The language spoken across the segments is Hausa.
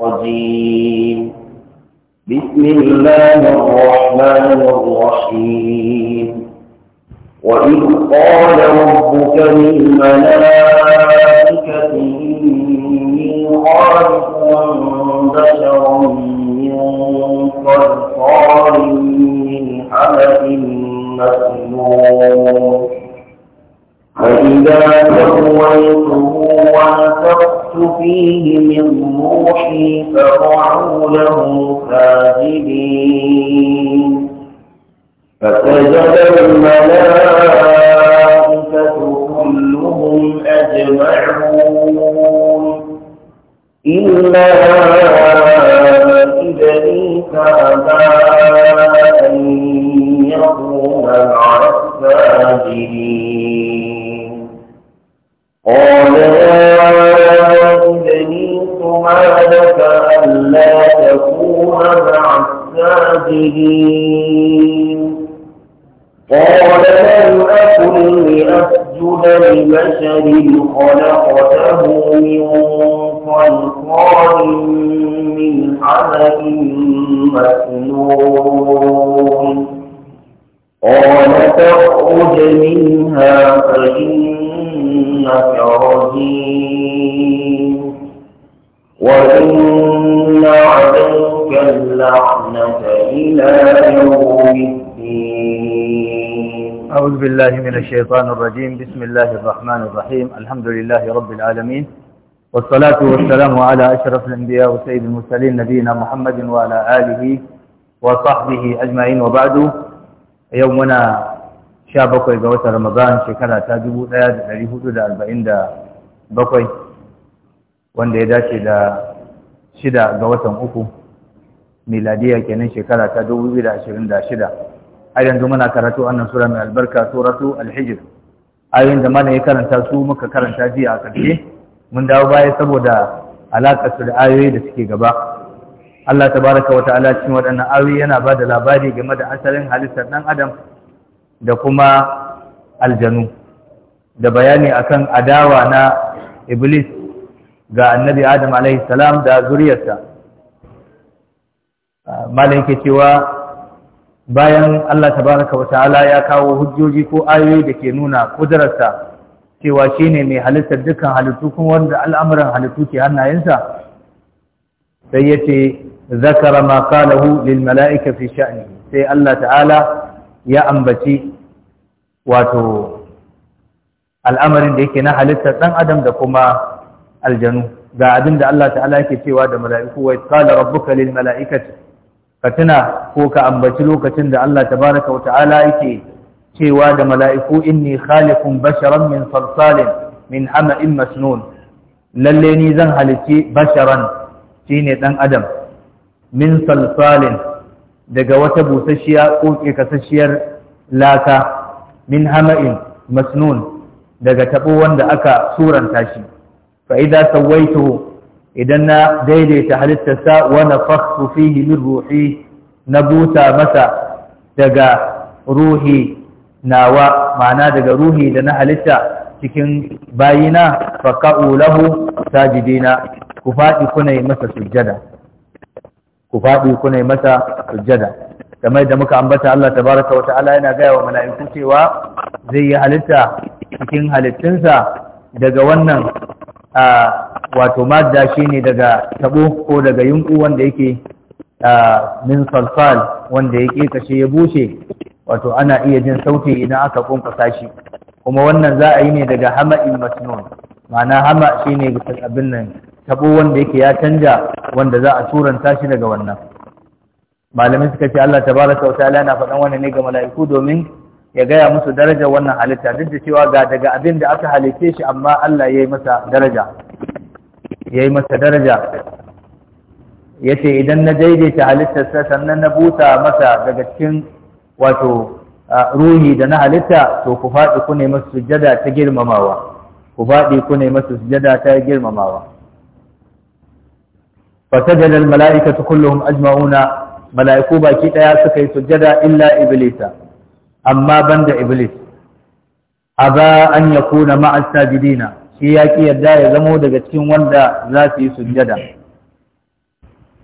الرجيم بسم الله الرحمن الرحيم وإذ قال ربك للملائكة إني خالق بشرا من صلصال من حمأ مسنون فإذا سويته ونفخت فيه من روحي فقعوا له ساجدين فسجد الملائكة كلهم أجمعون إلا إبليس أبى أن يكون مع الساجدين قال يا إبليس ما لك ألا تكون مع الساجدين قال لم أكن لأسجد لبشر خلقته من صلصال من حمأ مسنون قال تخرج منها فإن إنك رجيم وإن عليك اللعنة إلى يوم الدين أعوذ بالله من الشيطان الرجيم بسم الله الرحمن الرحيم الحمد لله رب العالمين والصلاة والسلام على أشرف الأنبياء وسيد المرسلين نبينا محمد وعلى آله وصحبه أجمعين وبعد يومنا Sha bakwai ga watan Ramadan shekara ta dubu ɗaya da da da ɗari arba'in bakwai, wanda ya dace da shida ga watan uku miladiya kenan shekara ta dubu biyu da da ashirin shida. a yanzu muna karatu annan sura mai albarka suratu alhijir. ayoyin da mana ya karanta su muka karanta jiya a ƙarshe mun dawo baya saboda alaƙar su da ayoyi da suke gaba Allah tabaraka wa ta'ala cikin waɗannan ayoyi yana ba da labari game da asalin halittar ɗan adam da kuma aljanu da bayani akan adawa na iblis ga annabi adam alaihi salam da zuriyarsa ah, malai ke cewa bayan Allah tabaraka wa ta'ala ya kawo hujjoji ko ayoyi da ke nuna kudararsa cewa shi ne mai halittar dukkan halittu kuma wanda al'amuran halittu ke hannayensa sai ya yace zakara ma lil mala'ika fi sha'ni sai Allah ta'ala ya ambaci wato al'amarin da yake na halittar ɗan adam da kuma aljanu ga abin da Allah ta'ala yake cewa da mala'iku wa qala rabbuka lil mala'ikati fatuna ko ka ambaci lokacin da Allah tabaaraka wa ta'ala yake cewa da mala'iku inni khalifun basharan min salsalin min hama'in masnun lalle ni zan halici basharan shine ɗan adam min salsalin daga wata busasshiya ko kasasshiyar laka min hama'in masnun daga tabo wanda aka suranta shi fa idza sawaituhu idan na daidaita halittarsa wa nafakhtu fihi min ruhi nabuta masa daga ruhi nawa ma'ana daga ruhi da na halitta cikin bayina fa ka'u lahu sajidina ku faɗi kuna yi masa sujjada ku faɗi kuna yi masa sujjada kamar da muka ambata Allah tabaraka wa ta'ala yana gaya wa mala'iku cewa zai yi halitta cikin halittunsa daga wannan a wato madda shine daga taɓo ko daga yunƙu wanda yake min salsal wanda ya kashe ya bushe wato ana iya jin sauti idan aka kunkusa shi kuma wannan za a yi ne daga hama'in masnun ma'ana hama shine abin nan tabo wanda yake ya canja wanda za a turanta shi daga wannan malamai suka ce Allah tabaraka wa ta'ala na faɗan wannan ne ga mala'iku domin ya gaya musu daraja wannan halitta duk da cewa ga daga abin da aka halitte shi amma Allah ya yi masa daraja ya masa daraja ya ce idan na daidaita halittarsa sannan na buta masa daga cikin wato ruhi da na halitta to ku faɗi ku ne masu sujada ta girmamawa ku faɗi ku ne masu sujada ta girmamawa فسجد الملائكة كلهم أجمعون ملائكو باكي ديا سكي سجدا إلا إبليس أما بند إبليس أبى أن يكون مع الساجدين shi ya ƙi yadda ya zamo daga cikin wanda za su yi sujada.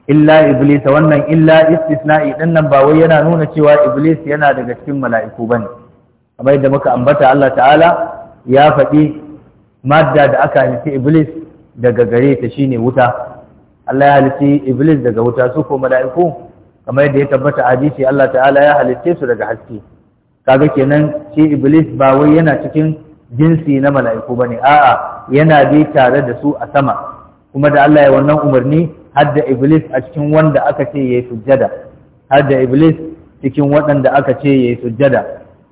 illa iblis wannan illa istisna'i din nan ba wai yana nuna cewa iblis yana daga cikin mala'iku bane kamar da muka ambata Allah ta'ala ya faɗi madda da aka halitta iblis daga gareta ta shine wuta Allah ya halitti iblis daga wuta su ko mala'iku kamar yadda ya tabbata hadisi Allah ta'ala ya halitte su daga haske kaga kenan shi iblis ba wai yana cikin jinsi na mala'iku ba ne? a'a yana bi tare da su a sama kuma da Allah ya wannan umarni har da iblis a cikin wanda aka ce yayi sujjada har da iblis cikin waɗanda aka ce yayi sujjada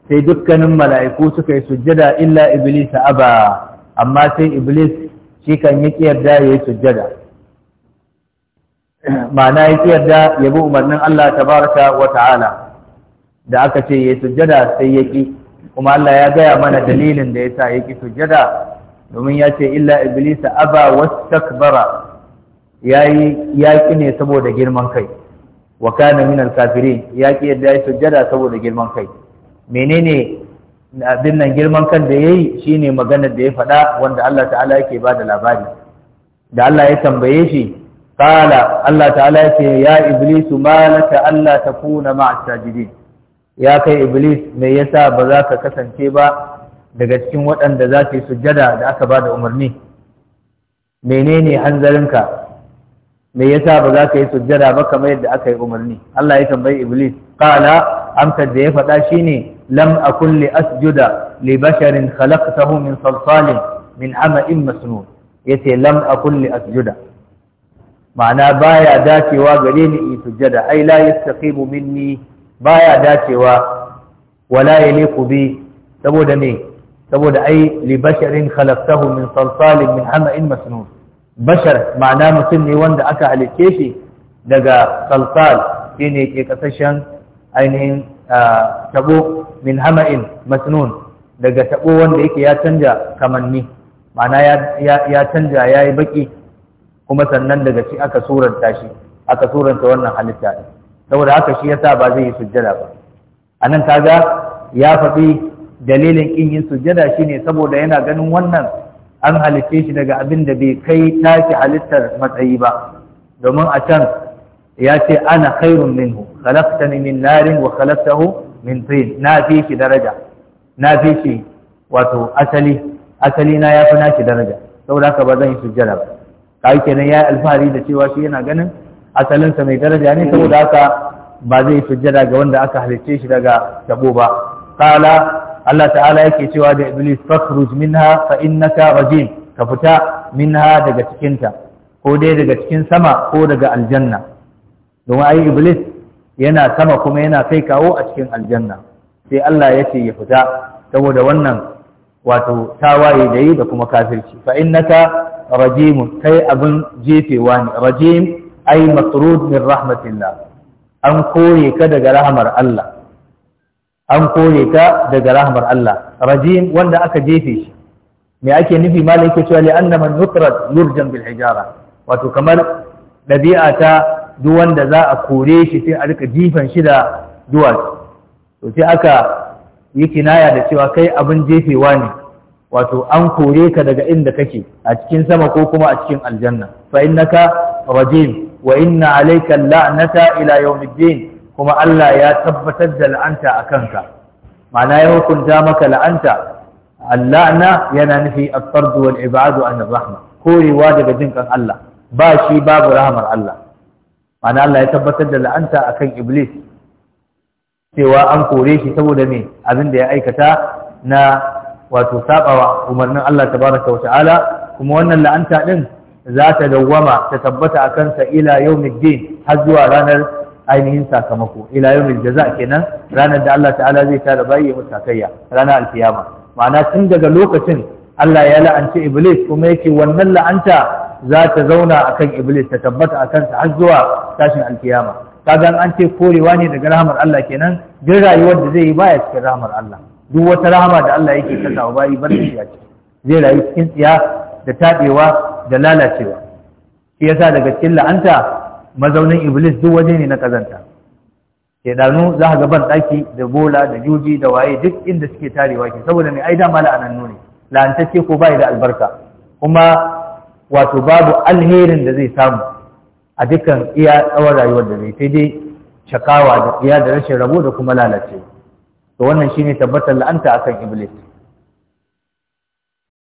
sai dukkanin mala'iku suka yi sujjada illa iblis aba amma sai iblis shi kan yi yarda yayi sujjada ma'ana ya yarda ya bi umarnin Allah ta tabaraka wa ta'ala da aka ce ya sujjada sai ya ki kuma Allah ya gaya mana dalilin da ya sa ya ki sujjada domin ya ce illa iblisa aba wastakbara yayi ƙi ne saboda girman kai wa kana min al-kafirin ƙi yadda ya sujjada saboda girman kai menene abin nan girman kan da yayi shine maganar da ya faɗa wanda Allah ta'ala yake ba da labari da Allah ya tambaye shi qala Allah ta'ala yake ya iblis ma Allah Ta takuna ma'a sajidin ya kai iblis me yasa ba za ka kasance ba daga cikin waɗanda za su yi sujjada da aka ba da umarni menene hanzarinka me yasa ba za ka yi sujjada ba kamar yadda aka yi umarni Allah ya tambayi iblis qala amsar da ya faɗa shine lam akun li asjuda li basharin khalaqtahu min salsalin min hama'in masnun yace lam akun li asjuda ma'ana baya dacewa gare ni in sujjada ai la yastaqimu minni baya dacewa wala yaliqu bi saboda ne saboda ai li basharin khalaqtahu min salsalin min hama'in masnun bashar ma'ana mutum ne wanda aka halicce shi daga salsal shine ke kasashen ainihin tabo min hama'in masnun daga tabo wanda yake ya canja kamanni ma'ana ya canja yayi baki kuma sannan daga shi aka suranta shi aka suranta wannan halitta ne saboda haka shi yasa ba zai yi sujjada ba anan kaga ya faɗi dalilin kin yin sujjada shine saboda yana ganin wannan an halitte shi daga abin da bai kai taki halittar matsayi ba domin a can ya ce ana khairun minhu khalaqtani min narin wa khalaqtahu min tin na fi shi daraja na fi shi wato asali asali na yafi nashi daraja saboda haka ba zan yi sujjada ba kai kenan yi alfahari da cewa shi yana ganin asalinsa mai daraja ne saboda haka ba zai sujjada ga wanda aka halicce shi daga tabo ba Kala. Allah ta'ala yake cewa da iblis fakhruj minha fa innaka rajim ka fita minha daga cikinta ko dai daga cikin sama ko daga aljanna domin ai iblis yana sama kuma yana kai kawo a cikin aljanna sai Allah ya ce ya fita saboda wannan wato tawaye da yi da kuma kafirci fa innaka rajimun kai abin jefewa ne rajim ai matrud min rahmatillah an kore ka daga rahmar Allah an ka daga rahmar Allah rajim wanda aka jefe shi me ake nufi malai cewa li'anna man nutrat yurjan bil hijara wato kamar dabi'a ta duk wanda za a kore shi sai a rika jifan shi da duwatsu to sai aka yi kinaya da cewa kai abin jefewa ne wato an kore ka daga inda kake a cikin sama ko kuma a cikin aljanna fa innaka rajim wa inna alayka la'nata ila yawmiddin kuma Allah ya tabbatar da la'anta akanka ma'ana ya hukunta maka la'anta allana yana nufi at-tard wal ib'ad an rahma korewa daga kan Allah ba shi babu rahmar Allah ma'ana Allah ya tabbatar da la'anta akan iblis cewa an kore shi saboda me abin da ya aikata na wato sabawa umarnin Allah tabaraka wa ta'ala kuma wannan la'anta din za ta dawwama ta tabbata a kansa ila yawmiddin har zuwa ranar ainihin sakamako ila yawmil jaza kenan ranar da Allah ta'ala zai ta da bayi sakayya ranar alkiyama ma'ana tun daga lokacin Allah ya la'anci iblis kuma yake wannan la'anta za ta zauna akan iblis ta tabbata a kansa har zuwa tashin alkiyama kaga an ce korewa ne daga rahmar Allah kenan duk rayuwar da zai yi baya cikin rahmar Allah duk wata rahama da Allah yake saka wa bayi bar shi a zai rayu cikin tsiya da tabewa da lalacewa shi yasa daga cikin la'anta mazaunin iblis duk waje ne na kazanta danu za ka ga ban daki da bola da juji da waye duk inda suke tarewa ke saboda ne ai mala la'anannu ne la'antacce ko bai da albarka kuma wato babu alherin da zai samu a dukkan iya tsawon rayuwar da zai sai dai shakawa da iya da rashin rabo da kuma lalacewa to wannan shine tabbatar la'anta akan iblis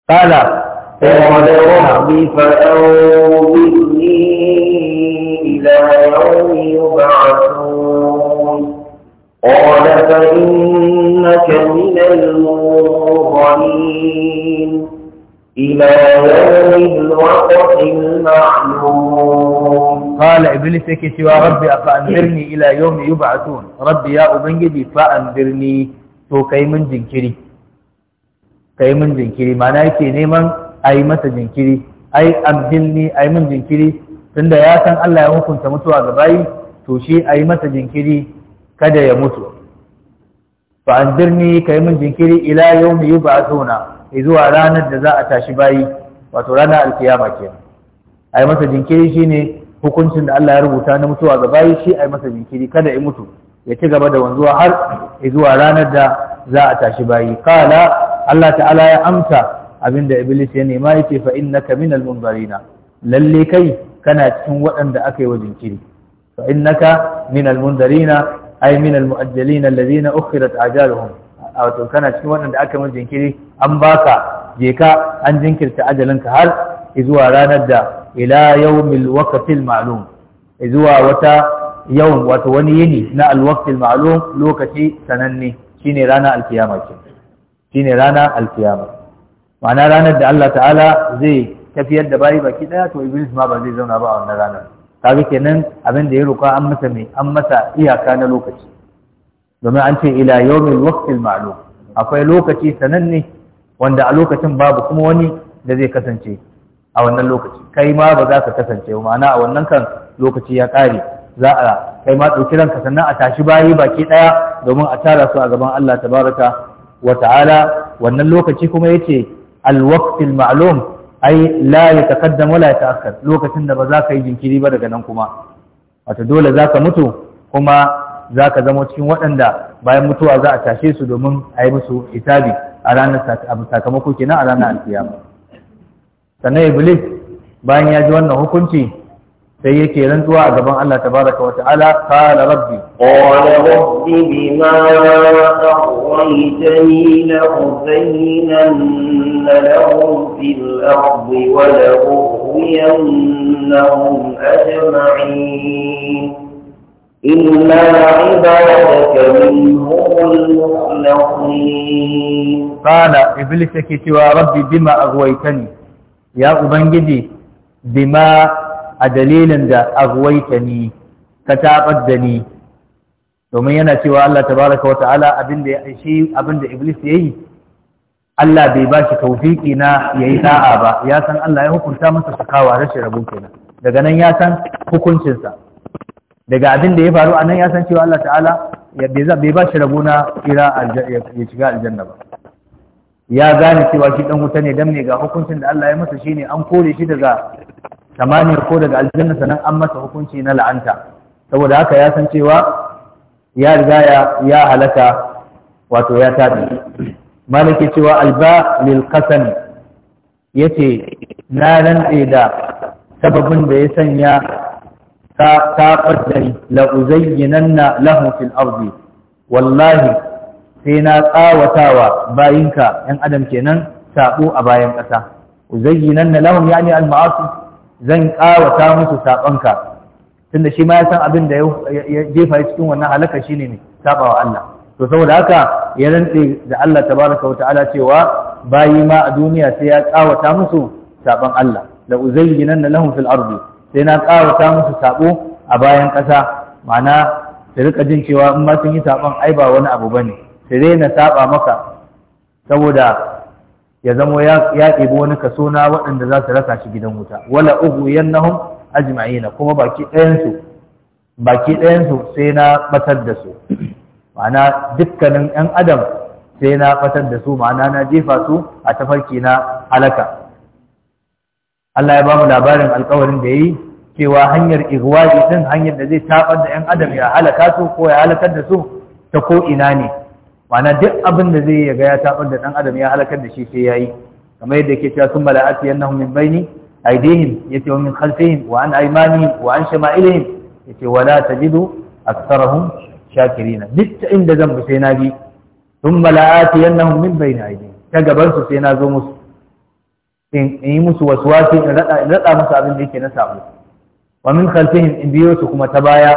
qala qala rabbi fa min al-mudhanin إلى يوم الوقت المعلوم قال إبليس كتوى ربي أفأنذرني إلى يوم يبعثون ربي يا أبنجدي فأنذرني تو kai min jinkiri kai min jinkiri mana yake neman a yi masa jinkiri ai abdilni a yi jinkiri tunda ya san Allah ya hukunta mutuwa ga bayi to shi a yi masa jinkiri kada ya mutu fa anzirni kai min jinkiri ila yawmi yub'athuna zuwa ranar da za a tashi bayi wato ranar alkiyama kenan ai masa jinkiri shine hukuncin da Allah ya rubuta na mutuwa ga bayi shi ai masa jinkiri kada ya mutu ya ci gaba da wanzuwa har zuwa ranar da za a tashi bayi kala, Allah ta'ala ya amsa abinda iblis ya nema yace fa innaka minal lalle kai kana cikin waɗanda aka yi wa jinkiri fa innaka min munzarina ay min muajjalina alladhina ukhirat ajaluhum a wato kana cikin waɗanda aka min jinkiri an baka je ka an jinkirta ajalinka har zuwa ranar da ila yawmil waqtil ma'lum zuwa wata yawan wato wani yini na alwaqtil ma'lum lokaci sananne shine rana alkiyama ce shine rana alkiyama ma'ana ranar da Allah ta'ala zai tafiyar da bayi baki daya to iblis ma ba zai zauna ba a wannan ranar kaga kenan abin da ya roƙa an masa mai an masa iyaka na lokaci domin an ce ila yawmin waqtil ma'lum akwai lokaci sananne wanda a lokacin babu kuma wani da zai kasance a wannan lokaci kai ma ba za ka kasance ba ma'ana a wannan kan lokaci ya kare za a kai ma ɗauki ranka sannan a tashi bayi baki ɗaya domin a tara su a gaban Allah tabaraka wa ta'ala wannan lokaci kuma yace al-waqtil ma'lum ai la ka taqaddam wala ta'akhkhar lokacin da ba za ka yi jinkiri ba daga nan kuma wato dole za ka mutu kuma za ka zama cikin waɗanda bayan mutuwa za a tashe su domin a yi musu itabi a ranar sakamako kenan a ranar alfiya sannan iblis bayan ya ji wannan hukunci sai yake rantsuwa a gaban Allah tabaraka wa ta'ala qala rabbi qala rabbi bima aghwaytani la uzayyinanna lahum fil ardi wa la ajma'in إلا عبادك منهم المخلصين قال إبليس كتوى ربي بما أغويتني يا أبنجدي بما أدليل دا أغويتني كتابدني domin yana cewa Allah tabaraka wa ta'ala abinda ya abin da iblis yayi Allah bai ba shi tawfiki na yayi sa'a ba ya san Allah ya hukunta masa sakawa rashin rabo kenan daga nan ya san hukuncinsa daga abin da ya faru a nan ya san cewa Allah ta'ala bai ba shi rabo na kira ya shiga aljanna ba ya gane cewa shi dan wuta ne dan ne ga hukuncin da Allah ya masa shine an kore shi daga samani ko daga aljanna sanan an masa hukunci na la'anta saboda haka ya san cewa ya riga ya ya halaka wato ya tabi malaki cewa alba lil qasam yace na rantse da sababin da ya sanya ta kaddari la uzayyinanna lahum fil ardi wallahi sai na tsawatawa bayinka yan adam kenan sabo a bayan kasa uzayyinanna lahum yani al ma'asi zan kawata musu sabanka tunda shi ma ya san abin da ya jefa cikin wannan halaka shine ne sabawa Allah to saboda haka ya rantse da Allah tabaraka wa ta'ala cewa bayi ma a duniya sai ya tsawata musu saban Allah la uzayyinanna lahum fil ardi sai na ƙawata musu saɓo a bayan ƙasa ma'ana su rika jin cewa in ma sun yi saɓon ai ba wani abu bane su na saɓa maka saboda ya zamo ya ɗebi wani kaso na waɗanda za su rasa shi gidan wuta wala uhu yannahum ajma'ina kuma baki su baki su sai na batar da su ma'ana dukkanin 'yan adam sai na batar da su ma'ana na jefa su a tafarki na halaka Allah ya bamu labarin alƙawarin da yayi cewa hanyar igwaji din hanyar da zai tabar da ƴan adam ya halaka su ko ya halakar da su ta ko ina ne ma'ana duk abin da zai yaga ya tabar da dan adam ya halakar da shi sai yayi kamar yadda yake cewa sun mala'ati yannahum min baini aydihim yace wa min khalfihim wa an aymanihim wa an shama'ilihim yace wala tajidu aktsarahum shakirina duk inda zan bi sai na bi sun mala'ati yannahum min baini aydihim ta gaban su sai na zo musu in yi musu wasu wasi in raɗa musu abin da yake na saɓo. wa min khalfihim in biyo su kuma ta baya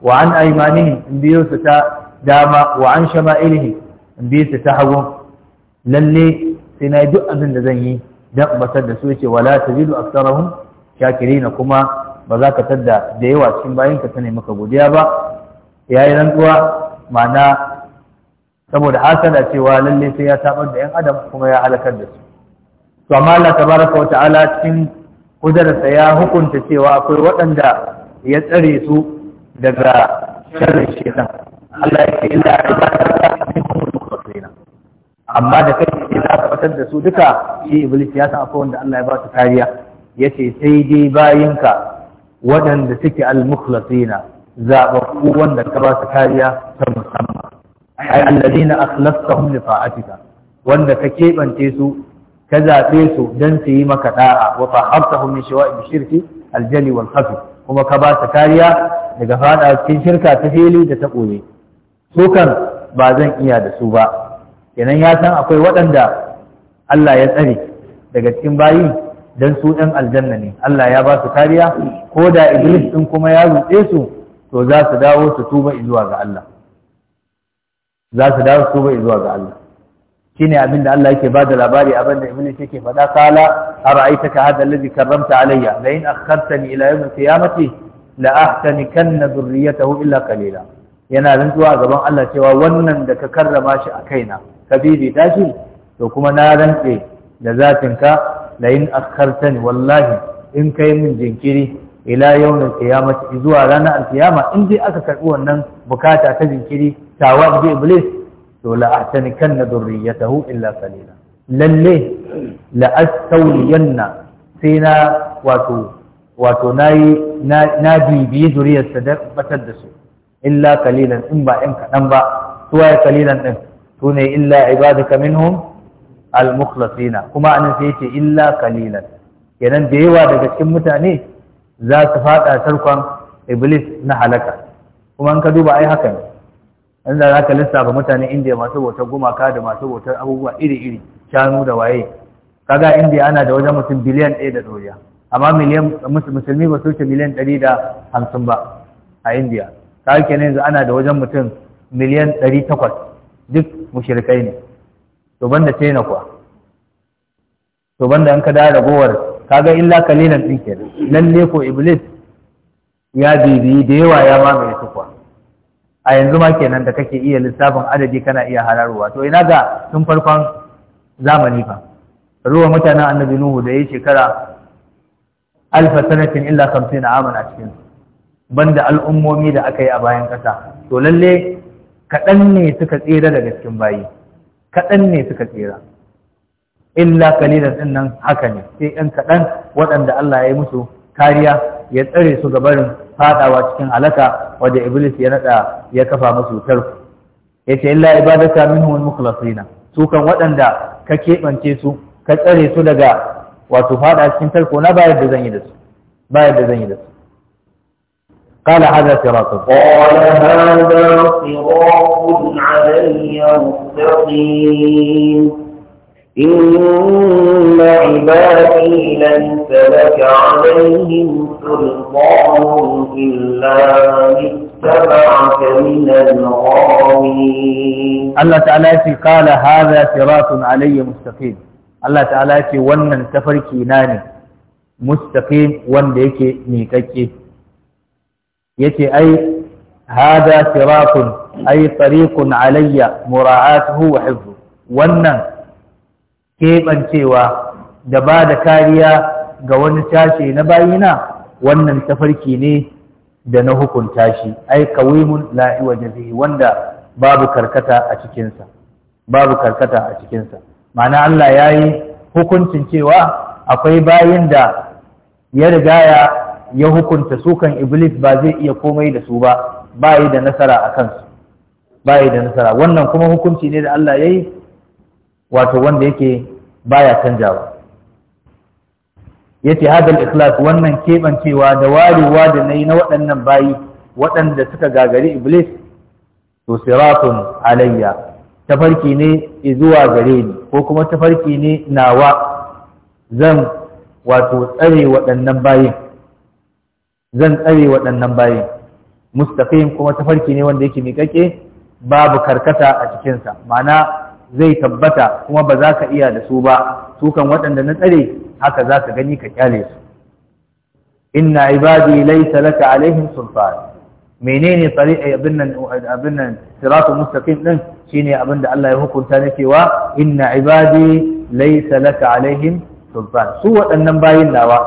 wa an aymanihim in biyo su ta dama wa an shama'ilihim in biyo su ta hagu lalle sai na duk abin da zan yi dan batar da su yace wala tajidu aktsarahum shakirin kuma ba za ka tadda da yawa cikin bayan ka tane maka godiya ba yayi rantsuwa ma'ana saboda hasada cewa lalle sai ya tabar da yan adam kuma ya halakar da su to amma Allah tabaraka wata'ala cikin kudarsa ya hukunta cewa akwai waɗanda ya tsare su daga sharrin shaitan Allah ya ce illa ibadaka minhum al-mukhlasin amma da kai ke za ka fitar da su duka shi iblis ya san akwai wanda Allah ya ba su kariya ce sai dai bayinka waɗanda suke al zaɓa zaɓaɓɓu wanda ka ba su kariya ta musamman ai alladina akhlastahum li ta'atika wanda ka keɓance su ka zaɓe su don su yi maka da'a wa fahabtahum min shawa'i shirki aljali wal khafi kuma ka ba ta kariya daga fada cikin shirka ta fili da ta koye su kan ba zan iya da su ba kenan ya san akwai waɗanda Allah ya tsare daga cikin bayi dan su ɗan aljanna ne Allah ya ba su kariya ko da Iblis ɗin kuma ya rutse su to za su dawo su tuba zuwa ga Allah za su dawo su tuba zuwa ga Allah shine abin da Allah yake bada labari abin da iblis yake faɗa kala ara'aytaka hadha alladhi karramta alayya la in akhartani ila yawm al-qiyamati la ahtanikanna dhurriyyatahu illa qalila yana rantsuwa gaban Allah cewa wannan da ka karrama shi a kaina ka bibita to kuma na rantse da zatinka la in akhartani wallahi in kai min jinkiri ila yawmin qiyamati zuwa ranar alkiyama in dai aka karbi wannan bukata ta jinkiri tawa ji iblis to la ahtanikanna dhurriyyatahu illa qalila lalle la astawliyanna sai na wato wato nayi na bibiyi zuriyar da batar da su illa qalilan in ba in kadan ba suwaye qalilan din ne illa ibadaka minhum al-mukhlasina kuma anan sai yace illa qalilan kenan da yawa daga cikin mutane za su fada tarkon iblis na halaka kuma an ka duba ai haka ne inda za ka lissafa mutanen indiya masu bautar gumaka da masu bautar abubuwa iri-iri shanu da waye kaga indiya ana da wajen mutum biliyan ɗaya da ɗoriya amma musulmi ba su ce miliyan ɗari da hamsin ba a indiya kaga ne yanzu ana da wajen mutum miliyan ɗari takwas duk mushirikai ne to banda china kuwa to banda an ka da ragowar kaga illa kalilan ɗin kenan lalle ko iblis ya bibiyi da yawa ya mamaye a yanzu ma kenan da kake iya lissafin adadi kana iya hararowa to ina ga tun farkon zamani fa ruwa mutanen annabi nuhu da ya shekara alfa sanatin illa kamsin aman a cikin banda al'ummomi da aka yi a bayan kasa to lalle kaɗan ne suka tsira daga cikin bayi kaɗan ne suka tsira illa kalilan din nan haka ne sai ɗan kaɗan waɗanda Allah ya yi musu kariya ya tsare su ga barin fadawa cikin alaka wanda iblis ya nada ya kafa musu tarku yace illa ibadaka al mukhlasina su kan waɗanda ka keɓance su ka tsare su daga wato fada cikin tarko na bayar da zan yi da su bayar da zan yi da su قال هذا صراط قال هذا صراط علي مستقيم إن عبادي ليس لك عليهم سلطان إلا من اتبعك من الغاوين الله تعالى يتي قال هذا صراط علي مستقيم الله تعالى يتي ون انتفر كيناني مستقيم ون ليكي ميككي يتي أي هذا صراط أي طريق علي مراعاته وحفظه ون keɓancewa da ba da kariya ga wani tashe na bayina wannan tafarki ne da na hukunta shi ai kawimun la'i wa wanda babu karkata a cikinsa babu karkata a cikinsa ma'ana Allah ya yi hukuncin cewa akwai bayin da ya riga ya hukunta sukan iblis ba zai iya komai da su ba ba da nasara a kansu ba da nasara wannan kuma hukunci ne da Allah ya yi wato wanda yake baya canjawa yace hadal ikhlas wannan kebancewa da warewa da nayi na waɗannan bayi waɗanda suka gagari iblis to siratun alayya tafarki ne zuwa gare ni ko kuma tafarki ne nawa zan wato tsare waɗannan bayi zan tsare waɗannan bayi mustaqim kuma tafarki ne wanda yake miƙaƙe babu karkata a cikinsa ma'ana zai tabbata kuma ba za ka iya da su ba Sukan waɗanda na tsare haka za ka gani ka kyale su inna ibadi laysa laka alaihim sulfan menene eh, abin nan abin nan siratul mustaqim din shine abin da Allah ya hukunta na cewa inna ibadi laysa laka alaihim sulfan su waɗannan bayin nawa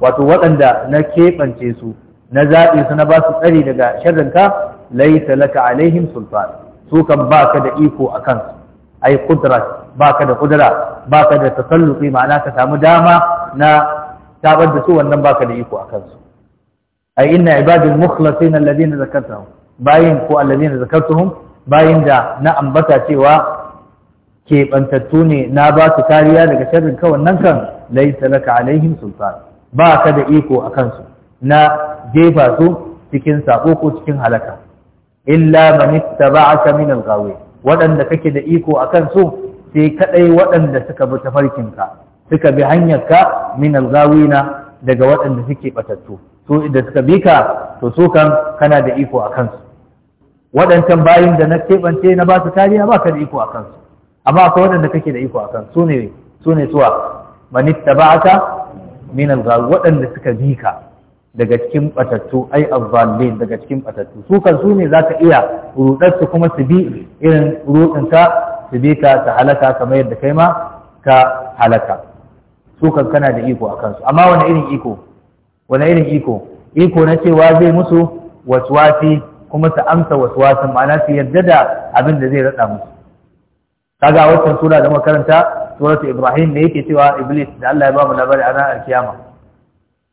wato waɗanda na keɓance su na zaɓe su na ba su tsari daga sharrinka laisa laka alaihim sulfan su kan ba ka da iko a kansu ai kudrat baka da kudura baka da tasalluqi ma'ana ka samu dama na tabar da su wannan baka da iko akan su ai inna ibadul mukhlasin alladhina zakartahum bayin ko alladhina zakartuhum bayin da na ambata cewa keɓantattu ne na ba su kariya daga sharrin ka wannan kan laisa laka alaihim sultan ba ka da iko a kansu na jefa su cikin sako ko cikin halaka illa man ittaba'aka min al waɗanda kake da iko a kansu sai kaɗai waɗanda suka bi tafarkinka suka bi hanyarka min algawina daga waɗanda suke ɓatattu su da suka bi ka to su kan kana da iko a kansu waɗancan bayin da na keɓance na ba su kariya ba ka da iko a kansu amma akwai waɗanda kake da iko a kansu su ne su ne suwa man ittaba'aka min algawi waɗanda suka bi ka daga cikin batattu ai azzalin daga cikin batattu su kan su ne zaka iya rudar su kuma su bi irin rudin ka su bi ka ta halaka kamar yadda kai ma ka halaka su kan kana da iko akan su amma wani irin iko wani irin iko iko na cewa zai musu waswasi kuma su amsa waswasi ma'ana su yarda da abin da zai rada musu kaga waccan sura da makaranta suratu ibrahim ne yake cewa iblis da Allah ya ba mu labari a alkiyama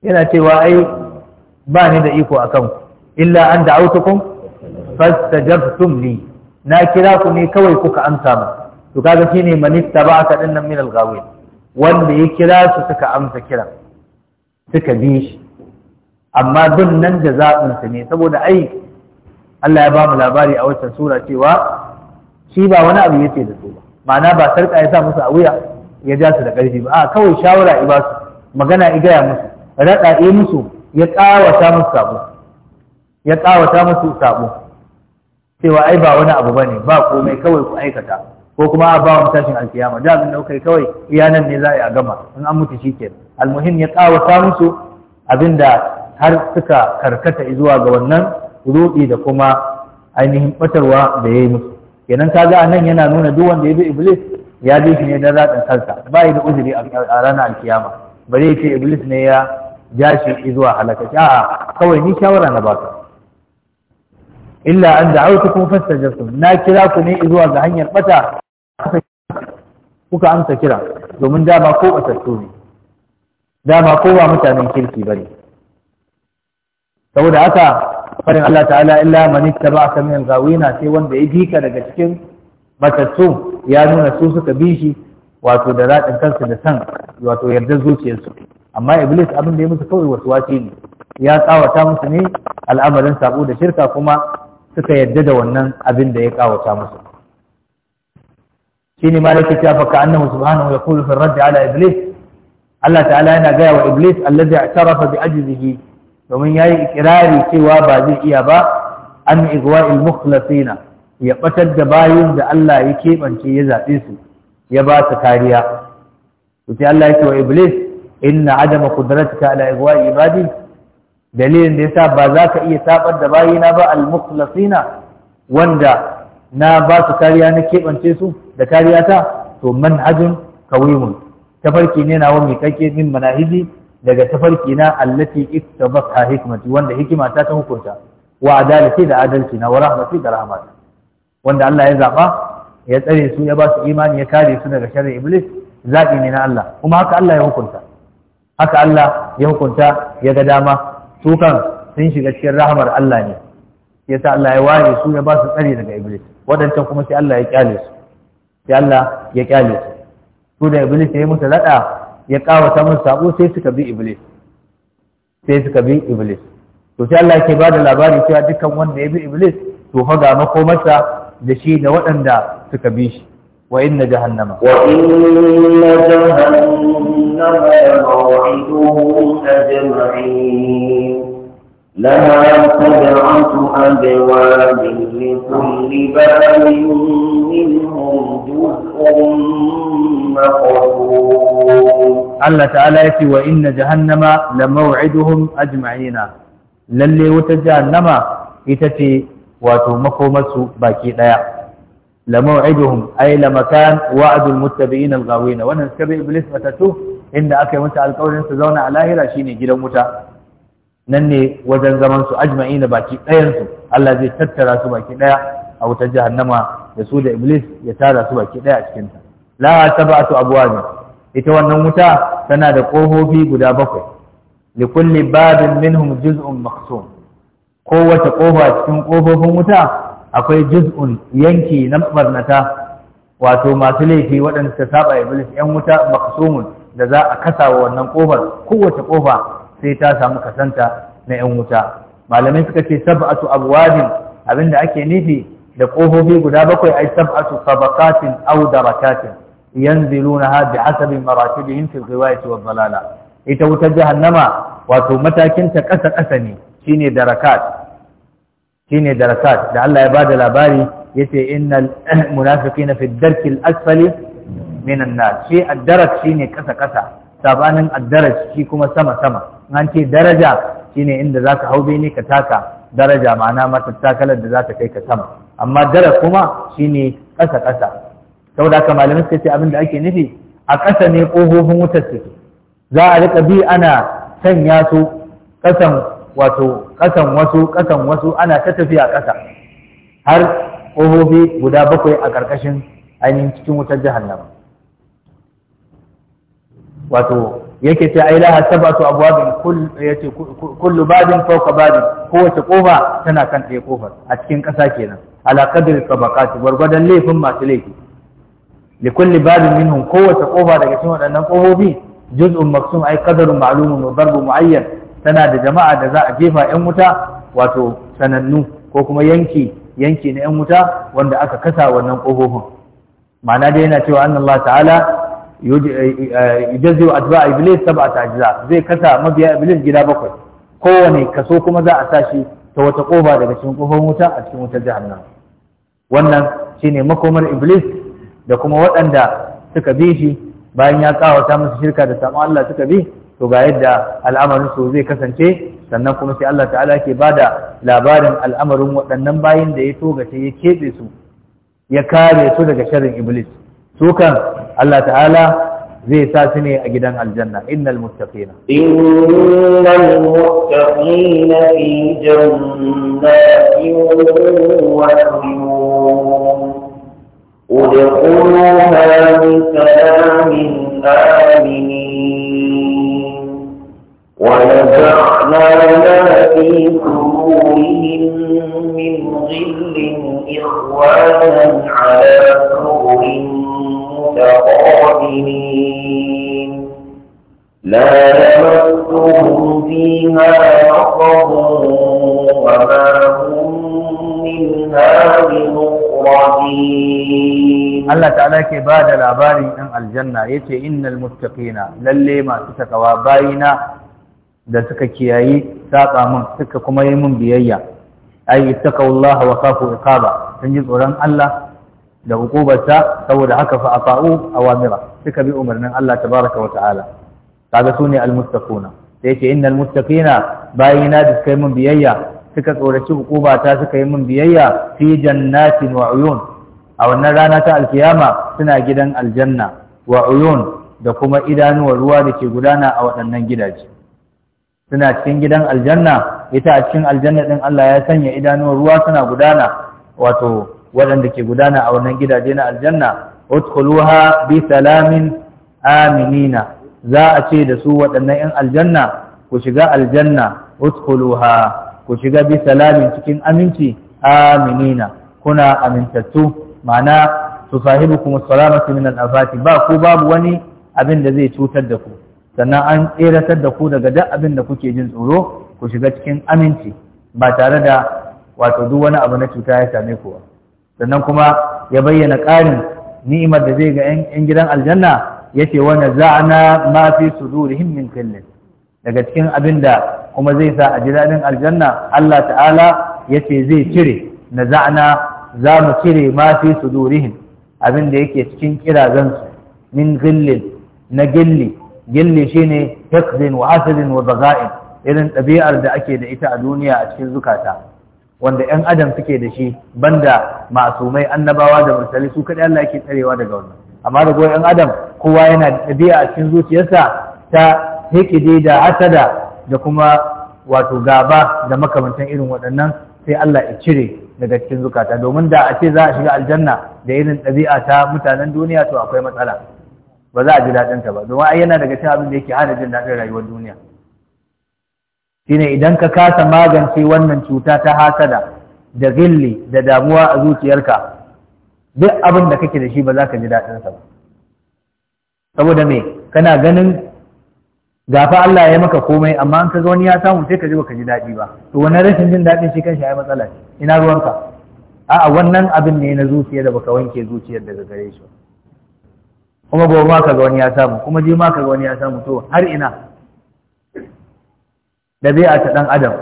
yana cewa ai ba ni da iko a kanku illa an da da'autukum fastajabtum li na kira ku ne kawai kuka amsa min to kaga shine manista ba ka dinnan min al-ghawil wanda ya kira su suka amsa kiran suka bi shi amma bin nan da zaɓin su ne saboda ai Allah ya ba mu labari a wancan sura cewa shi ba wani abu yake da su ba ma'ana ba sarka ya sa musu a wuya ya ja su da ƙarfi ba a kawai shawara i ba su magana i gaya musu raɗa i musu ya ƙawata musu sabo ya ƙawata musu sabo cewa ai ba wani abu bane ba komai kawai ku aikata ko kuma a bawa mutashin alkiyama da abin da kai kawai iya nan ne za a gama in an mutu shike almuhim ya ƙawata musu abinda har suka karkata zuwa ga wannan ruɗi da kuma ainihin batarwa da ya yi musu kenan ga nan yana nuna duk wanda ya bi iblis ya bi shi ne dan raɗin kansa ba da uzuri a ranar alkiyama bare ce iblis ne ya ja shi zuwa halaka a'a kawai ni shawara na baka illa an da fastajabtum na kira ku ne zuwa ga hanyar bata kuka amsa kira domin dama ko batattu ne dama ko ba mutanen kirki ba ne saboda haka farin Allah ta'ala illa man ittaba'aka min al sai wanda ya bika daga cikin batattu ya nuna su suka bi shi wato da radin kansu da san wato yardar zuciyarsu amma iblis abin da ya musu kawai waswasi ne ya tsawata musu ne al'amarin sabo da shirka kuma suka yadda da wannan abin da ya kawata musu shine ma yake cewa fa annahu subhanahu yaqulu fi radd ala iblis Allah ta'ala yana gaya wa iblis allazi i'tarafa bi ajzihi domin yayi ikirari cewa ba zai iya ba an igwa'il mukhlasina ya batar da bayin da Allah ya keɓance ya zaɓe su ya ba su kariya to sai Allah yake wa iblis inna adama qudratika ala igwa ibadi dalilin da yasa ba za ka iya tabar da bayina ba al-mukhlasina wanda na ba su kariya na keɓance su da kariya ta to manhajun kawimun tafarki ne nawa mai kake min manahiji daga tafarki na allati iktabatha hikmati wanda hikima ta ta hukunta wa adalati da adalci na wa rahmati da rahmati wanda Allah ya zaba ya tsare su ya ba su imani ya kare su daga sharrin iblis zaɓi ne na Allah kuma haka Allah ya hukunta haka Allah ya hukunta ya ga dama su kan sun shiga cikin rahamar Allah ne sa Allah ya ware su ya ba su tsari daga iblis Waɗancan kuma sai Allah ya kyale su sai Allah ya kyale su su da iblis ya yi musu laɗa ya kawata musu sabo sai suka bi iblis sai suka bi iblis to sai Allah yake ba da labari cewa dukkan wanda ya bi iblis to fa ga makomarsa da shi da waɗanda suka bi shi wa inna jahannama wa inna jahannama إنما موعدهم أجمعين لها سبعة أبواب لكل باب منهم جزء Allah ta'ala ya ce wa inna jahannama la maw'iduhum ajma'ina lalle wata nama ita ce wato makomarsu baki ɗaya la maw'iduhum ay la makan wa'dul muttabi'in al-ghawina wannan sabai iblis batatu inda aka yi musu alkawarin su zauna a lahira shine gidan wuta nan ne wajen zaman su ajma'in da baki ɗayan su Allah zai tattara su baki ɗaya a wutar jahannama da su da iblis ya tara su baki ɗaya a cikin ta la sab'atu abwab ita wannan wuta tana da kofofi guda bakwai li kulli babin minhum juz'un maqsum kowace kofa cikin kofofin wuta akwai juz'un yanki na barnata wato masu laifi waɗanda ta saba iblis yan wuta maqsumun da za a kasa wa wannan kofar kowace kofa sai ta samu kasanta na yan wuta malamai suka ce sab'atu abin abinda ake nufi da kofofi guda bakwai ai sab'atu sabaqatin aw darakatin yanzilunaha bi hasabi maratibihim fil ghiwayati wad dalala ita wutar jahannama wato matakin ta kasa kasa ne shine darakat shine darakat da Allah ya bada labari yace innal munafiqina fi ad-darki al-asfali minan nar shi ne shine kasa kasa sabanin addarat shi kuma sama sama an ce daraja shine inda za ka hau bene ka taka daraja ma'ana matattakalar da za ta kai ka sama amma dara kuma shine kasa-kasa ƙasa saboda haka malamai suka ce abin da ake nufi a kasa ne ƙofofin wutar suke za a riƙa bi ana sanya su kasan wato ƙasan wasu ƙasan wasu ana ta tafiya ƙasa har ƙofofi guda bakwai a ƙarƙashin ainihin cikin wutar jihar nan. wato yake ce ai laha sabatu abwabin kull yace kullu babin fawqa babin kowace kofa tana kan ɗaya kofar a cikin ƙasa kenan ala qadri tabaqati gwargwadon laifin masu laifi li kulli babin minhum kowace kofa daga cikin waɗannan kofofi juz'un maksum ai qadarun ma'lumun wa darbu muayyan tana da jama'a da za a jefa yan wuta wato sanannu ko kuma yanki yanki na yan wuta wanda aka kasa wannan kofofin ma'ana dai yana cewa annallahu ta'ala Eh, eh, eh, yujazziu atba iblis ta ajza zai kasa mabiya iblis gida bakwai kowane kaso kuma za a sa shi ta wata koba daga cikin kofar wuta a cikin wutar jahannam wannan shine makomar iblis da kuma waɗanda suka bi shi bayan ya kawata musu shirka da samu Allah suka bi to ga yadda al'amarin su zai kasance sannan kuma sai Allah ta'ala ke bada labarin al'amarin waɗannan bayin da ya togace ya keɓe su ya kare su daga sharrin iblis Sukan Allah ta'ala zai sa su ne a gidan aljanna innal muttaqina innal muttaqina fi jannatin wa uyun udkhuluha bi salamin aminin ونزعنا ما في قلوبهم من غل إخوانا على سرر متقابلين لا يمسهم فيها نصب وما هم منها بمخرجين الله تعالى كي بعد العباري أن الجنة إن المتقين للي ما تتقوى باينا da suka kiyayi saƙa min suka kuma yi min biyayya ai ittaqullaha wa khafu iqaba sun ji tsoron Allah da hukubarsa saboda haka fa afa'u awamira suka bi umarnin Allah tabaraka wa ta'ala kaga sune almustaquna sai yace innal muttaqina bayina da suka yi min biyayya suka tsoraci hukubata suka yi min biyayya fi jannatin wa uyun a wannan rana ta alkiyama suna gidan aljanna wa uyun da kuma idanuwar ruwa da ke gudana a waɗannan gidaje suna cikin gidan aljanna ita a cikin aljanna din Allah ya sanya idanuwar ruwa suna gudana wato waɗanda ke gudana a wannan gidaje na aljanna udkhuluha bi salamin aminina za a ce da su waɗannan 'yan aljanna ku shiga aljanna udkhuluha ku shiga bi salamin cikin aminci aminina kuna amintattu ma'ana tusahibukum as-salamatu min al-afati ba ku babu wani abin da zai cutar da ku sannan an tseratar da ku daga duk abin da kuke jin tsoro ku shiga cikin aminci ba tare da wato duk wani abu na cuta ya same ku ba sannan kuma ya bayyana ƙarin ni'imar da zai ga 'yan gidan aljanna yace wa za'ana ma fi sudurihim min kullin daga cikin abin da kuma zai sa a ji daɗin aljanna Allah ta'ala yace zai cire za'ana za mu cire ma fi sudurihim abin da yake cikin kirazansu min gillin na gilli gilli shine takzin wa hasadin wa baga'in irin ɗabi'ar da ake da ita a duniya a cikin zukata wanda 'yan adam suke da shi banda masumai annabawa da murtali su kaɗai Allah yake tsarewa daga wannan amma da goyon adam kowa yana da ɗabi'a a cikin zuciyarsa ta hikide da asada da kuma wato gaba da makamantan irin waɗannan sai Allah ya cire daga cikin zukata domin da a ce za a shiga aljanna da irin ɗabi'a ta mutanen duniya to akwai matsala ba za a ji daɗin ta ba domin ai yana daga cikin abin da yake hana jin daɗin rayuwar duniya shine idan ka kasa magance wannan cuta ta hasada da gilli da damuwa a zuciyarka duk abin da kake da shi ba za ka ji daɗin sa ba saboda me kana ganin gafa Allah ya maka komai amma an ka zo wani ya samu sai ka ji baka ji daɗi ba to wannan rashin jin daɗin shi kanshi ai matsala ina ruwanka a'a wannan abin ne na zuciya da baka wanke zuciyar daga gare shi ba kuma gobe ma kaga wani ya samu kuma je ma kaga wani ya samu to har ina dabi'a ta dan adam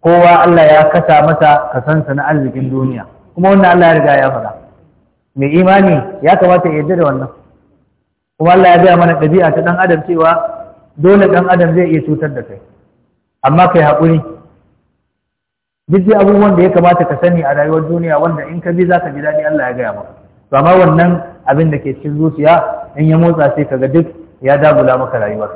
kowa Allah ya kasa masa kasansa na arzikin duniya kuma wannan Allah ya riga ya faɗa mai imani ya kamata ya yarda da wannan kuma Allah ya gaya mana dabi'a ta dan adam cewa dole dan adam zai iya cutar da kai amma kai haƙuri duk abubuwan da ya kamata ka sani a rayuwar duniya wanda in ka bi za ka ji daɗi Allah ya gaya maka to amma wannan abin da ke cikin zuciya in ya motsa sai kaga duk ya dagula maka rayuwar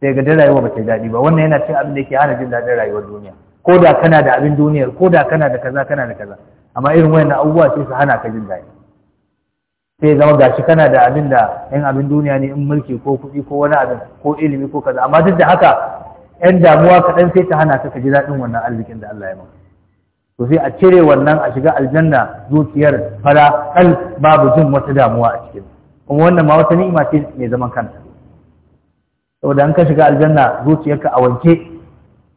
sai ga rayuwa ba ta daɗi ba wannan yana cin abin da ke hana jin daɗin rayuwar duniya ko da kana da abin duniyar ko da kana da kaza kana da kaza amma irin wayannan abubuwa sai su hana ka jin daɗi sai zama gashi kana da abin da yan abin duniya ne in mulki ko kuɗi ko wani abin ko ilimi ko kaza amma duk da haka yan damuwa kaɗan sai ta hana ka ka ji daɗin wannan arzikin da Allah ya maka to sai a cire wannan a shiga aljanna zuciyar fara kal babu jin wata damuwa a cikin kuma wannan ma wata ni'ima ce mai zaman kanta saboda an ka shiga aljanna zuciyarka a wanke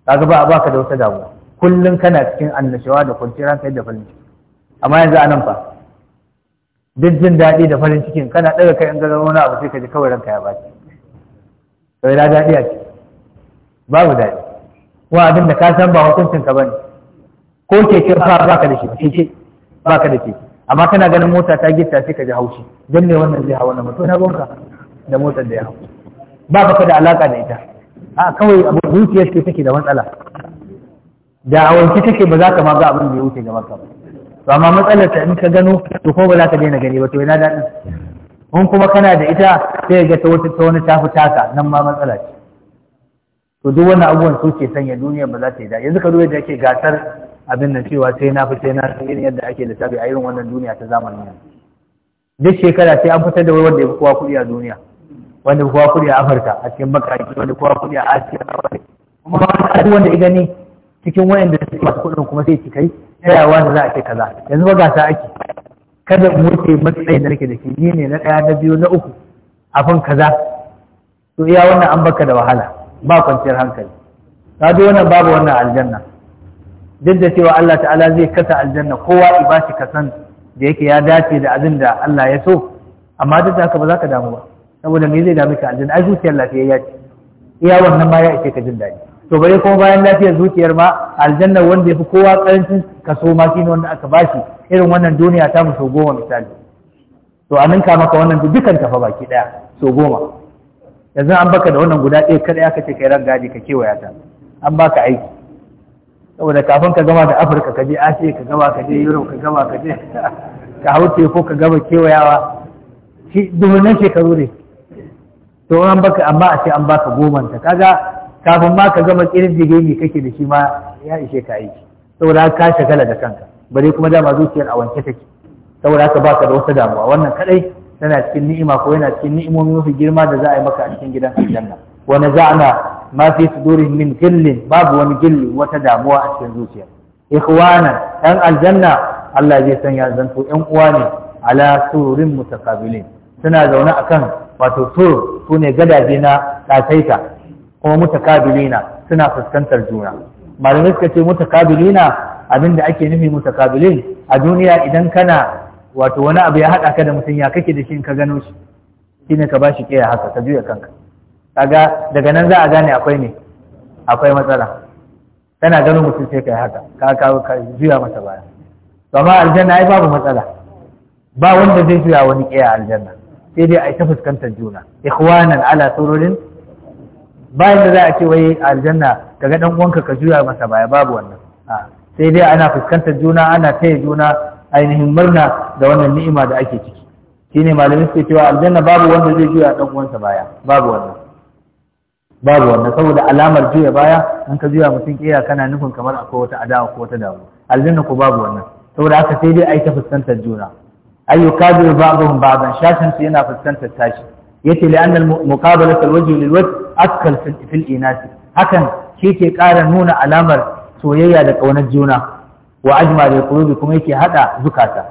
kaga ba a baka da wata damuwa kullun kana cikin annashawa da kwanciyar hankali da farin ciki amma yanzu a nan fa duk jin daɗi da farin cikin kana ɗaga kai in ga wani abu sai ka ji kawai ranka ya baci sai na daɗi a ciki babu daɗi kuma abin da ka san ba hukuncin ka ne. ko keken ba baka da shi ba keke da keke amma kana ganin mota ta gitta sai ka ji haushi dan ne wannan zai hawa na mutum na gonka da motar da ya hau ba ka da alaka da ita a kawai abu zuciyar ce take da matsala da awanci take ba za ka ma ga abin da ya wuce gaban ka ba to amma matsalar ta in ka gano to ko ba za ka daina gani ba to yana daɗin in kuma kana da ita sai ga ta wata ta wani tafi taka nan ma matsala ce to duk wannan abubuwan su ke sanya duniya ba za ta yi da yanzu ka duba da yake gasar abin nan cewa sai na fi sai na fi irin yadda ake lissafi a irin wannan duniya ta zamanin yanzu duk shekara sai an fitar da wanda ya fi kowa kuɗi a duniya wanda kowa kuɗi a afirka a cikin bakaki wanda kowa kuɗi a asiya kuma wani wanda ya gani cikin da suke masu kuɗin kuma sai cikai kai tsayawa da za a ce kaza yanzu ba gasa ake kada mu ce matsayin da nake da shi ni ne na ɗaya na biyu na uku abin kaza to iya wannan an baka da wahala ba kwanciyar hankali ka wannan babu wannan aljanna duk da cewa Allah ta'ala zai kasa aljanna kowa ibashi kasan da yake ya dace da abin da Allah ya so amma duk da haka ba za ka damu ba saboda me zai damu ka aljanna ai zuciyar lafiya ya ce iya wannan ma ya ishe ka jin daɗi to bare kuma bayan lafiyar zuciyar ma aljanna wanda ya fi kowa karancin kaso ma shine wanda aka bashi irin wannan duniya ta mu so goma misali to a maka wannan dukkan tafa baki daya so goma yanzu an baka da wannan guda ɗaya kada aka ce kai ran gadi ka kewaya ta an baka aiki saboda kafin ka gama da afirka ka je asiya ka gama ka je europe ka gama ka je ka hau teku ka gama kewayawa shi shekaru ne to an baka amma a ce an baka goman ta kaga kafin ma ka gama jirgin ne kake da shi ma ya ishe ka aiki saboda ka shagala da kanka bare kuma dama zuciyar a wanke take saboda ka baka da wata damuwa wannan kadai tana cikin ni'ima ko yana cikin ni'imomi mafi girma da za a yi maka a cikin gidan aljanna Wani za ana. ma fi sudurihim min gillin babu wani gilli wata damuwa a cikin zuciya ikhwana ɗan aljanna Allah zai sanya zanto ƴan uwa ne ala sururin mutakabilin suna zaune kan. wato sur su ne gadaje na ɗasaita kuma mutakabilina suna fuskantar juna malamai suka ce mutakabilina abinda ake nufi mutakabilin a duniya idan kana wato wani abu ya haɗa ka da mutum ya kake da shi ka gano shi shine ka bashi kiyaye haka ka juya kanka kaga daga nan za a gane akwai ne akwai matsala tana ganin mutum sai kai haka ka ka juya masa baya to amma aljanna ai babu matsala ba wanda zai juya wani kiyar aljanna sai dai ai ta fuskantar juna ikhwanan ala sururin bayan da za a ce wai aljanna kaga dan uwanka ka juya masa baya babu wannan sai dai ana fuskantar juna ana taya juna ainihin murna da wannan ni'ima da ake ciki shine malamin suke cewa aljanna babu wanda zai juya dan uwansa baya babu wannan babu wannan saboda alamar juya baya in ka juya mutum kiya kana nufin kamar akwai wata adawa ko wata damu aljanna ko babu wannan saboda haka sai dai ai ta fuskantar juna ayyuka bi ba'dhum ba'dan shashin su yana fuskantar tashi yace li anna muqabalat alwajh lilwajh akkal fil inas hakan shi ke ƙara nuna alamar soyayya da kaunar juna wa ajma da qulubi kuma yake hada zukata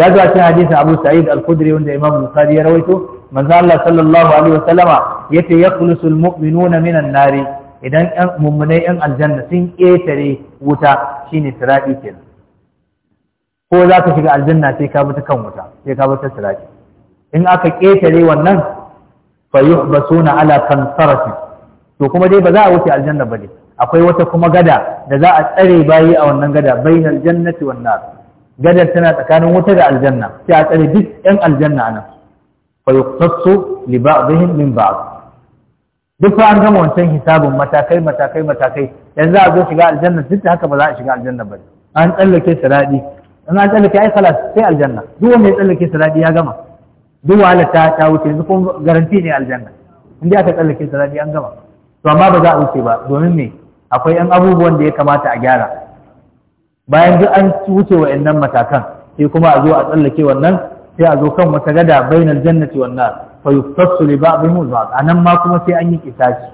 ya zo a cikin hadisin Abu Sa'id al-Khudri wanda Imam Bukhari ya rawaito manzo Allah sallallahu alaihi wasallama yace yakhlusul mu'minuna minan nari idan ƴan mummunai ƴan aljanna sun ƙetare wuta shine sirati kenan ko za ka shiga aljanna sai ka bi kan wuta sai ka bi ta in aka ƙetare wannan fa yuhbasuna ala kansarati to kuma dai ba za a wuce aljanna ba dai akwai wata kuma gada da za a tsare bayi a wannan gada bainal jannati wan nar gadar tana tsakanin wuta da aljanna sai a tsare duk ƴan aljanna nan fa yuqtassu li ba'dihim min ba'd duk fa an gama wancan hisabin matakai matakai matakai yanzu za a zo shiga aljanna duk da haka ba za a shiga aljanna ba an tsallake siradi in an tsallake ai khalas sai aljanna duk wanda ya tsallake siradi ya gama duk wahala ta ta wuce yanzu kuma garanti ne aljanna in dai aka tsallake siradi an gama to amma ba za a wuce ba domin me akwai yan abubuwan da ya kamata a gyara bayan duk an wuce wa'annan matakan sai kuma a zo a tsallake wannan sai a zo kan wata gada bainar jannati wan fa yuftasu li ba'dihim ba'd anan ma kuma sai an yi kitaci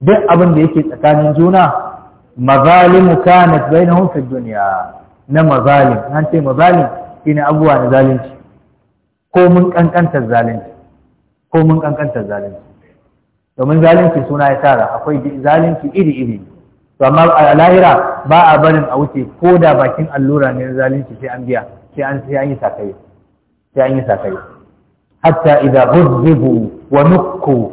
duk abin da yake tsakanin juna mazalimu kanat bainahum fi dunya na mazalim an ce mazalim shine abuwa na zalunci ko mun kankantar zalunci ko mun kankantar zalunci domin zalunci suna ya tara akwai zalunci iri iri to amma a lahira ba a barin a wuce ko da bakin allura ne na zalunci sai an biya sai an sai an yi sakayya sai an yi sakai hatta idza ghuzzibu wa nukku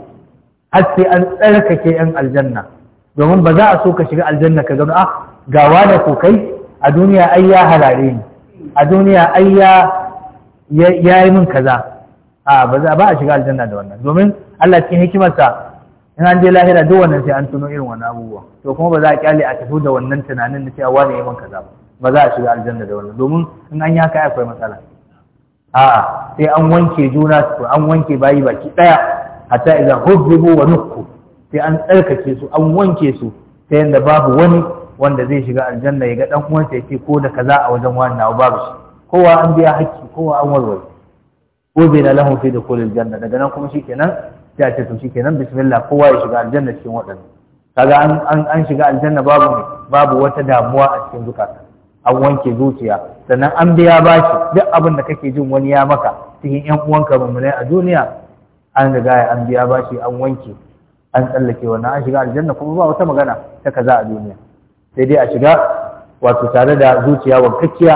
hatta an tsarkake yan aljanna domin ba za a so ka shiga aljanna ka gano ah gawa da ko kai a duniya ai ya halare ni a duniya ai ya yi min kaza a ba za a shiga aljanna da wannan domin Allah cikin hikimarsa in an je lahira duk wannan sai an tuno irin wannan abubuwa to kuma ba za a kyale a tafi da wannan tunanin da cewa wani yi min kaza ba ba za a shiga aljanna da wannan domin in an yi haka akwai matsala a'a sai an wanke juna su, an wanke bayi baki daya hatta idza hubbu wa nukku sai an tsarkake su an wanke su Sai yanda babu wani wanda zai shiga aljanna ya ga dan sa yake ko da kaza a wajen wannan babu shi kowa an biya hakki kowa an warware ubina lahu fi dukhulil janna daga nan kuma shikenan sai a ce to shikenan bismillah kowa ya shiga aljanna cikin waɗannan kaga an an shiga aljanna babu babu wata damuwa a cikin zukata an wanke zuciya sannan an biya shi duk abin da kake jin wani ya maka cikin yan uwanka mummunai a duniya an riga ya an biya bashi an wanke an tsallake wannan an shiga aljanna kuma ba wata magana ta kaza a duniya sai dai a shiga wato tare da zuciya wankakkiya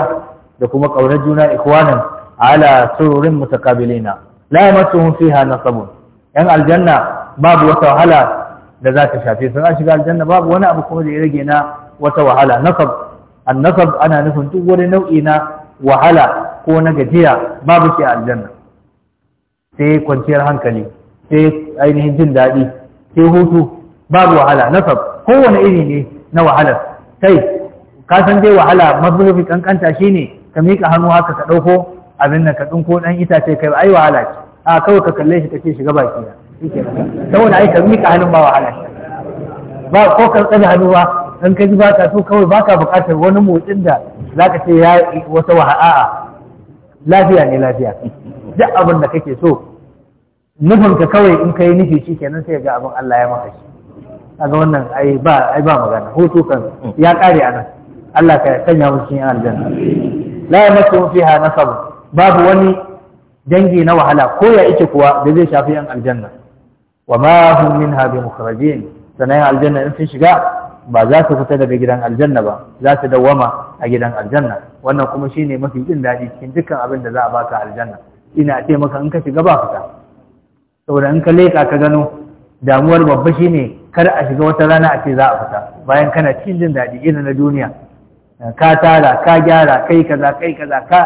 da kuma ƙaunar juna ikwanan ala sururin mutakabilina la yamassuhum fiha nasabun yan aljanna babu wata wahala da za ta shafe sun an shiga aljanna babu wani abu kuma da ya rage na wata wahala nasab annasab ana nufin duk wani nau'i na wahala ko na gajiya babu shi a aljanna sai kwanciyar hankali sai ainihin jin daɗi sai hutu babu wahala nasab kowane iri ne na wahalar kai ka san dai wahala mafi kankanta shine ka miƙa hannu haka ka ɗauko abin nan ka ɗinko ɗan itace kai ai wahala ce a kawai ka kalle shi ka ce shiga baki na saboda ai ka miƙa hannun ba wahala ba ko ka tsada hannu ba in ka ji ba ka so kawai ba ka wani motsin da za ka ce ya wata waha'a lafiya ne lafiya duk abin da kake so nufin ka kawai in ka yi nufi shi kenan sai ga abin Allah ya maka shi kaga wannan ai ba ai ba magana hutu kan ya kare anan Allah ka sanya mu cikin aljanna la yamassu fiha nasab babu wani dangi na wahala ko ya ike kuwa da zai shafi yan aljanna wa ma hum minha bi mukhrajin aljanna in sun shiga ba za su fita daga gidan aljanna ba za su dawwama a gidan aljanna wannan kuma shine mafi jin daɗi cikin dukkan abin da za a baka aljanna ina ce maka in ka shiga ba fita saboda in ka leƙa ka gano damuwar babba shine kar a shiga wata rana a ce za a fita bayan kana cikin jin daɗi irin na duniya ka tara ka gyara kai kaza kai kaza ka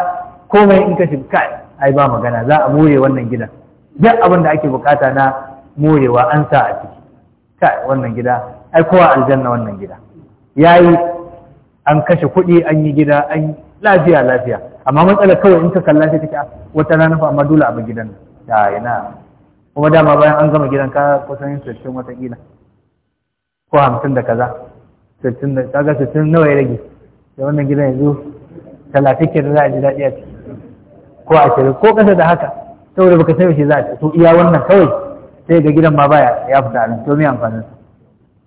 komai in ka shiga kai ai ba magana za a more wannan gidan duk abin da ake bukata na morewa an sa a ciki kai wannan gida ai kowa aljanna wannan gida yayi an kashe kuɗi an yi gida an lafiya lafiya amma matsalar kawai in ka kalla sai take ah, wata rana fa amma dole a gidan da ina kuma dama bayan an gama gidan ka kusan yin wata watakila ko hamsin da kaza sittin da kaga sittin nawa ya rage da wannan gidan yanzu talatin ke da za a ji daɗi a ciki ko ashirin ko ƙasa da haka saboda baka san yaushe za a ci to iya wannan kawai sai ga gidan ma baya ya fita to me amfanin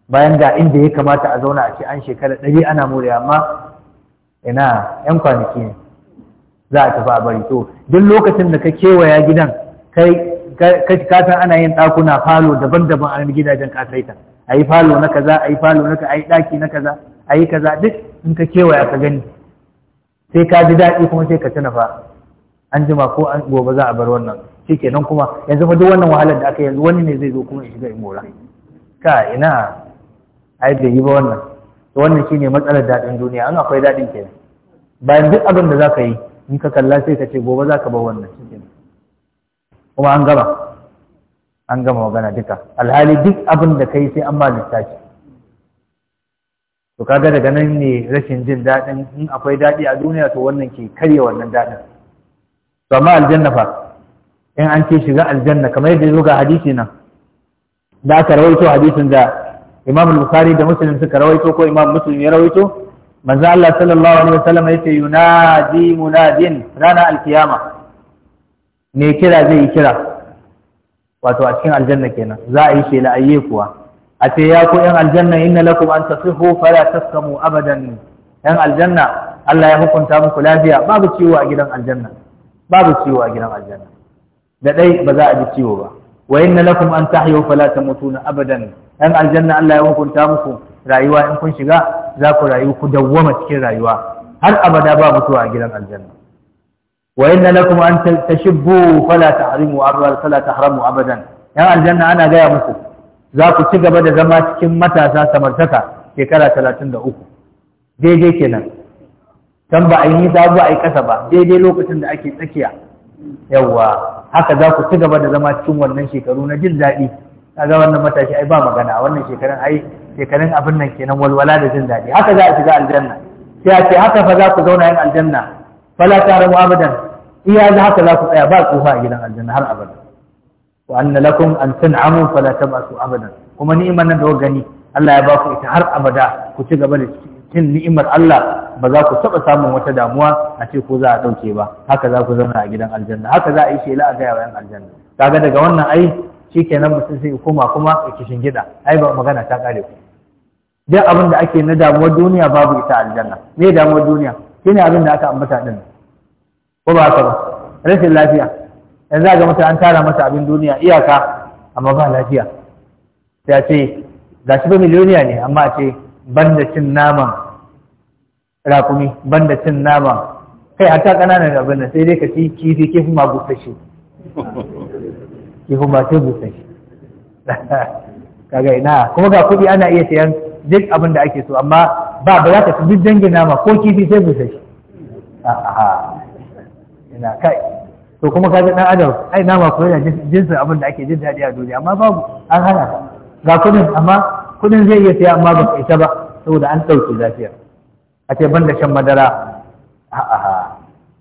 bayan da inda ya kamata a zauna a ce an shekara ɗari ana more amma ina yan kwanaki ne za a tafi a bari to duk lokacin da ka kewaya gidan kai ka san ana yin ɗakuna falo daban-daban a gidajen kasaita a yi falo na kaza a yi falo na kaza a yi ɗaki na kaza a yi kaza duk in ka kewaya ka gani sai ka ji daɗi kuma sai ka tuna fa an jima ko an gobe za a bar wannan shikenan kuma yanzu fa duk wannan wahalar da aka yanzu wani ne zai zo kuma ya shiga in mora ka ina ai bai yi ba wannan to wannan shine matsalar daɗin duniya an akwai daɗin kenan bayan duk abin da zaka yi in ka kalla sai ka ce gobe zaka bar wannan kuma an gama an gama magana duka alhali duk abin da kai sai an ma littafi to kaga daga nan ne rashin jin daɗin in akwai daɗi a duniya to wannan ke karya wannan daɗin to amma aljanna fa in an ce shiga aljanna kamar yadda zo ga hadisi nan da aka rawaito hadisin da imam al-bukhari da muslim suka rawaito ko imam muslim ya rawaito manzo Allah sallallahu alaihi wasallam yace yunadi munadin rana al-qiyama me kira zai kira wato a cikin aljanna kenan za a yi la ayye kuwa a ce ya ku yan aljanna inna lakum an tasihu fala taskamu abadan yan aljanna Allah ya hukunta muku lafiya babu ciwo a gidan aljanna babu ciwo a gidan aljanna da dai ba za a ji ciwo ba wa inna lakum an tahyu fala tamutuna abadan dan aljanna Allah ya hukunta muku rayuwa in kun shiga za ku rayu ku dawwama cikin rayuwa har abada ba mutuwa a gidan aljanna wa inna lakum an tashibbu fala tahrimu arra fala tahramu abadan dan aljanna ana gaya muku za ku ci gaba da zama cikin matasa samartaka shekara talatin da uku daidai kenan can ba a yi nisa ba a yi kasa ba daidai lokacin da ake tsakiya yawwa haka za ku ci gaba da zama cikin wannan shekaru na jin daɗi kaga wannan matashi ai ba magana a wannan shekarun ai shekaran abin nan kenan walwala da jin daɗi haka za a shiga aljanna sai a ce haka fa za ku zauna yin aljanna fala taramu abadan iya za haka za ku tsaya ba tsufa a gidan aljanna har abada wa anna lakum an tun'amu fala tabasu abadan kuma ni'imar nan da kuka gani Allah ya ba ku ita har abada ku ci gaba da cin ni'imar Allah ba za ku taɓa samun wata damuwa a ce ko za a ɗauke ba haka za ku zauna a gidan aljanna haka za a yi shela a gaya wa 'yan aljanna kaga daga wannan ai shi kenan mutum sai koma kuma ya kishin gida ai ba magana ta ƙare ku duk abin da ake na damuwar duniya babu ita aljanna me damuwar duniya shine abin da aka ambata din ko ba haka ba rashin lafiya yanzu ga mutum an tara masa abin duniya iyaka amma ba lafiya sai a ce ga shi ba miliyoniya ne amma a ce ban da cin naman rakumi banda cin nama kai ta ƙananan abin nan sai dai ka ci kifi kifi ma busashe kifin ba sai busashe kaga ina kuma ga kuɗi ana iya sayan duk abin da ake so amma ba ba za ka ci duk dangin nama ko kifi sai busashe a'a ina kai to kuma kaga dan adam ai nama ko yana jinsin abin da ake jin daɗi a duniya amma babu an hana ga kudin amma kudin zai iya siya amma ba ita ba saboda an ɗauke lafiyar a ce ban da shan madara a'a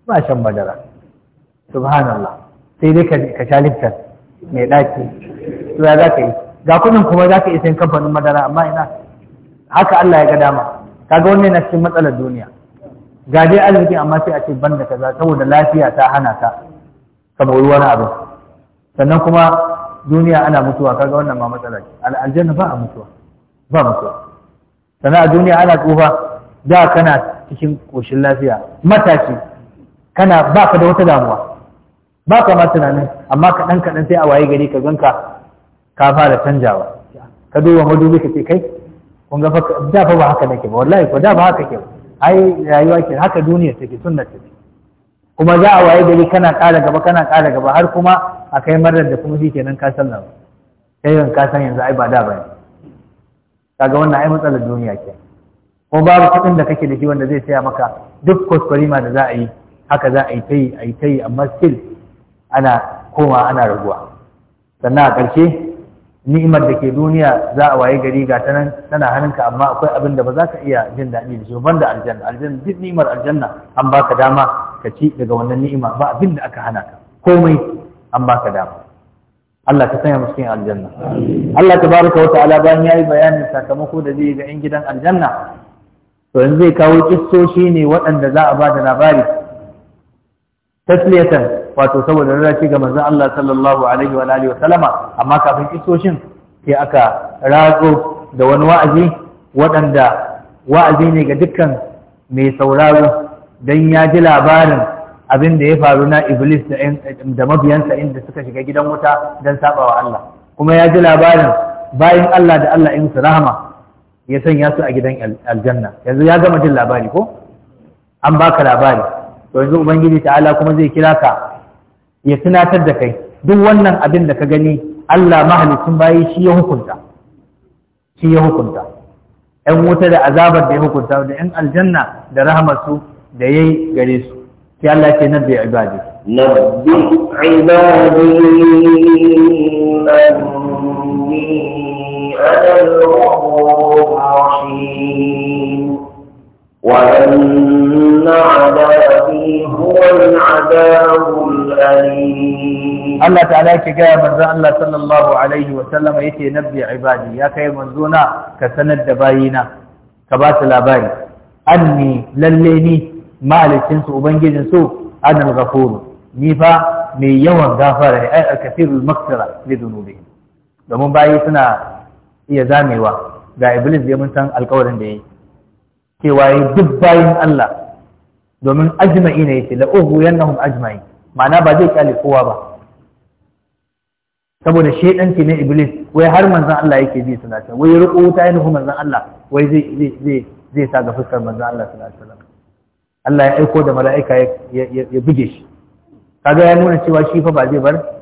ba shan madara subhanallah sai dai ka sha liftar mai ɗaki to ya za ka yi ga kudin kuma za ka isa kamfanin madara amma ina haka Allah ya ga dama kaga wannan na cikin matsalar duniya ga dai arziki amma sai a ce ban da kaza saboda lafiya ta hana ka saboda wani abu sannan kuma duniya ana mutuwa kaga wannan ma matsala ce aljanna ba a mutuwa ba mutuwa sannan a duniya ana tsufa da kana cikin koshin lafiya matashi kana baka da wata damuwa ka ma tunanin amma kaɗan kaɗan sai a waye gari ka ganka ka fara canjawa ka duba madubi ka ce kai kun ga da fa ba haka nake ba wallahi ko da ba haka ke ai rayuwa ke haka duniya take sunna ce kuma za a waye gari kana ƙara gaba kana ƙara gaba har kuma a kai marar da kuma shi kenan ka sallama kai ka san yanzu ai ba da ba ne kaga wannan ai matsalar duniya kenan ko babu kuɗin da kake da shi wanda zai saya maka duk kwaskwarima da za a yi haka za a yi ta yi a yi ta yi amma still ana koma ana raguwa sannan a ƙarshe ni'imar da ke duniya za a waye gari ga ta nan tana hannunka amma akwai abin da ba za ka iya jin daɗi da shi ban da aljanna aljanna duk ni'imar aljanna an baka dama ka ci daga wannan ni'ima ba abin da aka hana ka komai an baka dama Allah ka sanya cikin aljanna Allah baraka wa ta'ala bayan yayi bayanin sakamako da zai ga 'yan gidan aljanna to yanzu zai kawo kistoshi ne waɗanda za a ba da labari tasliyatan wato saboda ce ga manzon Allah sallallahu alaihi wa alihi wa sallama amma kafin kistoshin sai aka razo da wani wa'azi waɗanda wa'azi ne ga dukkan mai sauraro don ya ji labarin abin da ya faru na iblis da mabiyansa inda suka shiga gidan wuta don saba Allah kuma ya ji labarin bayan Allah da Allah in su rahama ya sanya su a gidan aljanna yanzu ya gama jin labari ko an baka labari to yanzu ubangiji ta'ala kuma zai kira ka ya tunatar da kai duk wannan abin da ka gani Allah mahalicin bayi shi ya hukunta shi ya hukunta ‘yan wuta da azabar da ya hukunta da ‘yan aljanna da rahamarsu da ya gare su sai Allah ke nabbi ibadi nabbi ibadi وأن عذابي هو العذاب الأليم الله تعالى كجاء منذ الله صلى الله عليه وسلم يتي نبي عبادي يا كي منذونا كسند دباينا كباس الأباري أني لليني مالك وبنجد سوء أنا الغفور نيفا mai يوم gafara أي ai alkafirul لذنوبه li dhunubihim iya zamewa ga iblis da mun san alkawarin da yayi cewa yi duk bayin Allah domin ajma'i ne yake yana ughwiyannahum ajma'i ma'ana ba zai kyale kowa ba saboda shedanci ne iblis wai har manzon Allah yake bi suna ta wai ruku wuta yana hu manzon Allah wai zai sa ga fuskar manzon Allah sallallahu alaihi Allah ya aiko da mala'ika ya buge shi kaga ya nuna cewa shi fa ba zai bar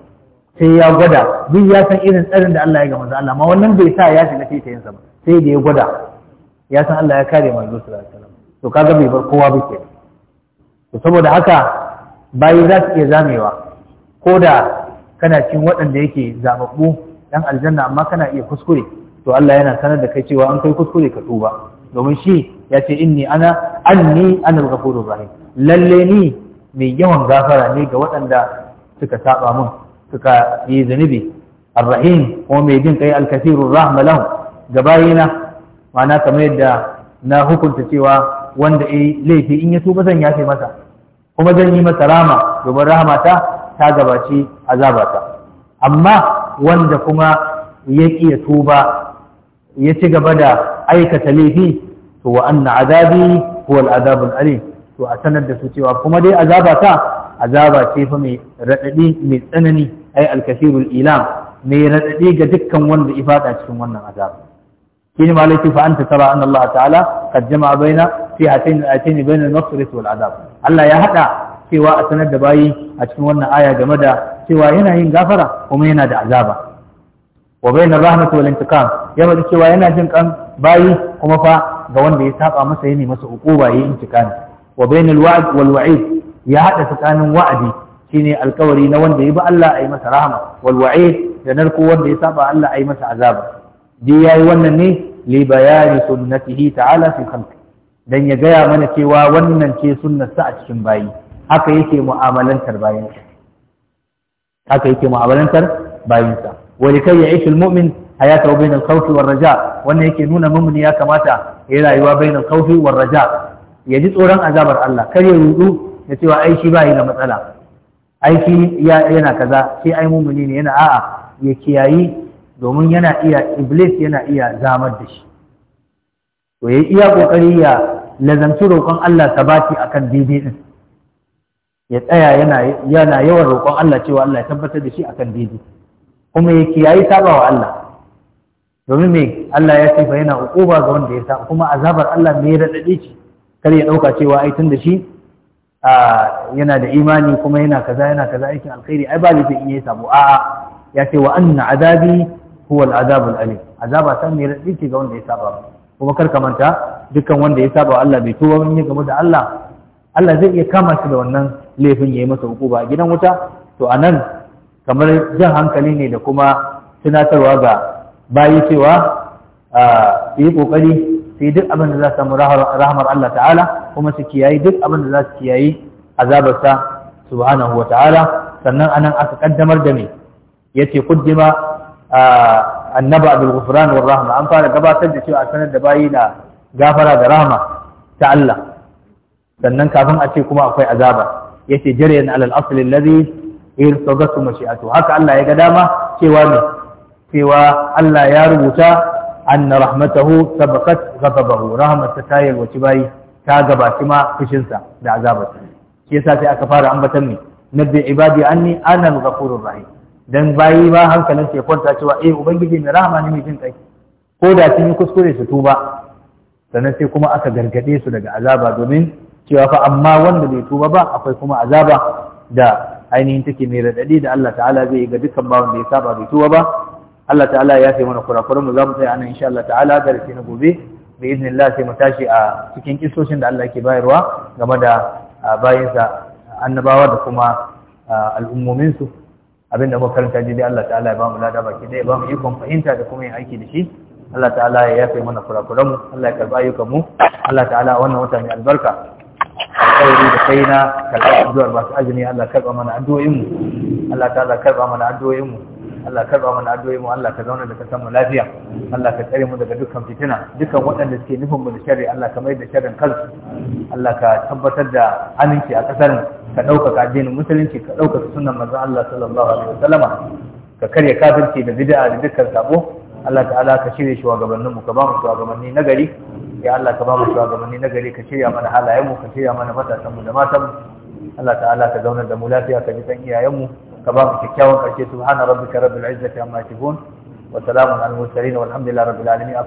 sai ya gwada duk ya san irin tsarin da Allah ya ga manzo Allah amma wannan bai sa ya shiga taitayin ba sai da ya gwada ya san Allah ya kare manzo sallallahu alaihi wasallam to kaga bai bar kowa ba ke to saboda haka bayi za su iya zamewa ko da kana cikin waɗanda yake zababbu dan aljanna amma kana iya kuskure to Allah yana sanar da kai cewa an kai kuskure ka tuba domin shi ya ce inni ana anni ana al-ghafurur rahim lalle ni mai yawan gafara ne ga waɗanda suka saba mun suka yi zunubi arrahim ko mai jin kai alkasirun rahma lahu ga bayina ma'ana kamar yadda na hukunta cewa wanda yi laifi in ya tuba zan yafe masa kuma zan yi masa rama domin rahama ta ta gabaci azabata amma wanda kuma ya ya tuba ya ci gaba da aikata laifi to wa anna azabi huwa al alim to a sanar da su cewa kuma dai azaba ta azaba ce fa mai radadi mai tsanani ai alkasirul ilam mai radadi ga dukkan wanda ya fada cikin wannan azaba kini ma laifi fa anta tara anna Allah ta'ala qad jama'a baina fi hatain ayatain baina an-nasr wal azab Allah ya hada cewa a sanar da bayi a cikin wannan aya game da cewa yana yin gafara kuma yana da azaba wa bainar rahmatu wal intiqam ya cewa yana jin kan bayi kuma fa ga wanda ya saba masa yana masa in yayin intiqami wa bainal wa'd wal wa'id ya hada tsakanin wa'adi shine alkawari na wanda ya bi Allah ayi masa rahama wal wa'id da narko wanda ya saba Allah ayi masa azaba dai yayi wannan ne li bayani sunnatihi ta'ala fi khalqi dan ya gaya mana cewa wannan ce sunnarsa a cikin bayi haka yake mu'amalantar haka yake mu'amalantar bayansa wani kai ya ishi mu'min hayata wa bainal khawfi war raja wannan yake nuna mu'mini ya kamata ya rayuwa bainal khawfi war raja ya ji tsoron azabar Allah kar ya rudu ya cewa ai shi bai da matsala Aiki shi yana kaza shi ai mumuni ne yana a'a ya kiyayi domin yana iya iblis yana iya zamar da shi to ya iya kokari ya lazanci roƙon Allah sabati akan daidai din ya tsaya yana yana yawan roƙon Allah cewa Allah ya tabbatar da shi akan daidai kuma ya kiyayi sabawa Allah domin me Allah ya sifa yana uquba ga wanda ya sa kuma azabar Allah me ya radade kar ya ɗauka cewa ai tun da shi yana da imani kuma yana kaza yana kaza aikin alkhairi ai ba zai iya samu a'a ya ce wa anna azabi huwa al al'alim azaba san mai radi ce ga wanda ya saba kuma kar ka manta dukkan wanda ya saba Allah bai tuba yi game da Allah Allah zai iya kama shi da wannan laifin yayi masa hukuba a gidan wuta to anan kamar jan hankali ne da kuma tunatarwa ga bayi cewa a yi kokari Sai duk abin da za su samu rahmar Allah ta'ala kuma su kiyayi duk abin da za su kiyayi azabarsa subhanahu ta'ala. sannan anan aka kaddamar da me yace kuddima annaba bil ghufran war rahma an fara gabatar da cewa sanar da bayi da gafara da rahma ta Allah sannan kafin a ce kuma akwai azaba yace jariyan alal asli alladhi irtadatu mashi'atu haka Allah ya ga dama cewa ne cewa Allah ya rubuta anna rahmatahu sabaqat ghadabahu rahmat ta yarwaci bayi ta gabaci ma fushinsa da azabarsa shi yasa sai aka fara ambatan ne nabbi ibadi anni ana al-ghafurur rahim dan bayi ba hankalin sai kwanta cewa eh ubangiji mai rahama ne mai jin kai ko da sun yi kuskure su tuba sannan sai kuma aka gargade su daga azaba domin cewa fa amma wanda bai tuba ba akwai kuma azaba da ainihin take mai radadi da Allah ta'ala zai yi ga dukkan bawan da ya saba bai tuba ba Allah ta'ala ya yafe mana kurakuran mu za mu tsaya anan insha Allah ta'ala da rafi na gobe bi Allah sai mu tashi a cikin kisoshin da Allah yake bayarwa game da bayinsa annabawa da kuma al'ummominsu. su abinda muka karanta dai Allah ta'ala ya ba mu lada baki ɗaya, ya ba mu ikon fahimta da kuma yin aiki da shi Allah ta'ala ya yafe mana kurakuran mu Allah ya karba ayyukan mu Allah ta'ala wannan wata mai albarka alƙairi da kaina karɓar addu'ar masu azumi Allah karɓa mana addu'o'in mu Allah ta'ala karɓa mana addu'o'in mu Allah ka karba mana addu'o'i mu Allah ka zauna da kasan mu lafiya Allah ka tsare mu daga dukkan fitina dukkan waɗanda suke nufin mu da sharri Allah ka mai da sharrin kansu Allah ka tabbatar da aminci a ƙasar mu ka ɗaukaka addinin musulunci ka ɗaukaka sunan manzon Allah sallallahu alaihi wasallama ka karya kafirci da bid'a da dukkan sabo Allah ta'ala ka shirye shugabannin mu ka ba mu shugabanni na gari ya Allah ka ba mu shugabanni na gari ka shirya mana halayen mu ka shirya mana matasan mu da matan Allah ta'ala ka zauna da mu lafiya ka ji san iyayen mu كباب كيكاون كرشي سبحان ربك رب العزة عما يصفون وسلام على المرسلين والحمد لله رب العالمين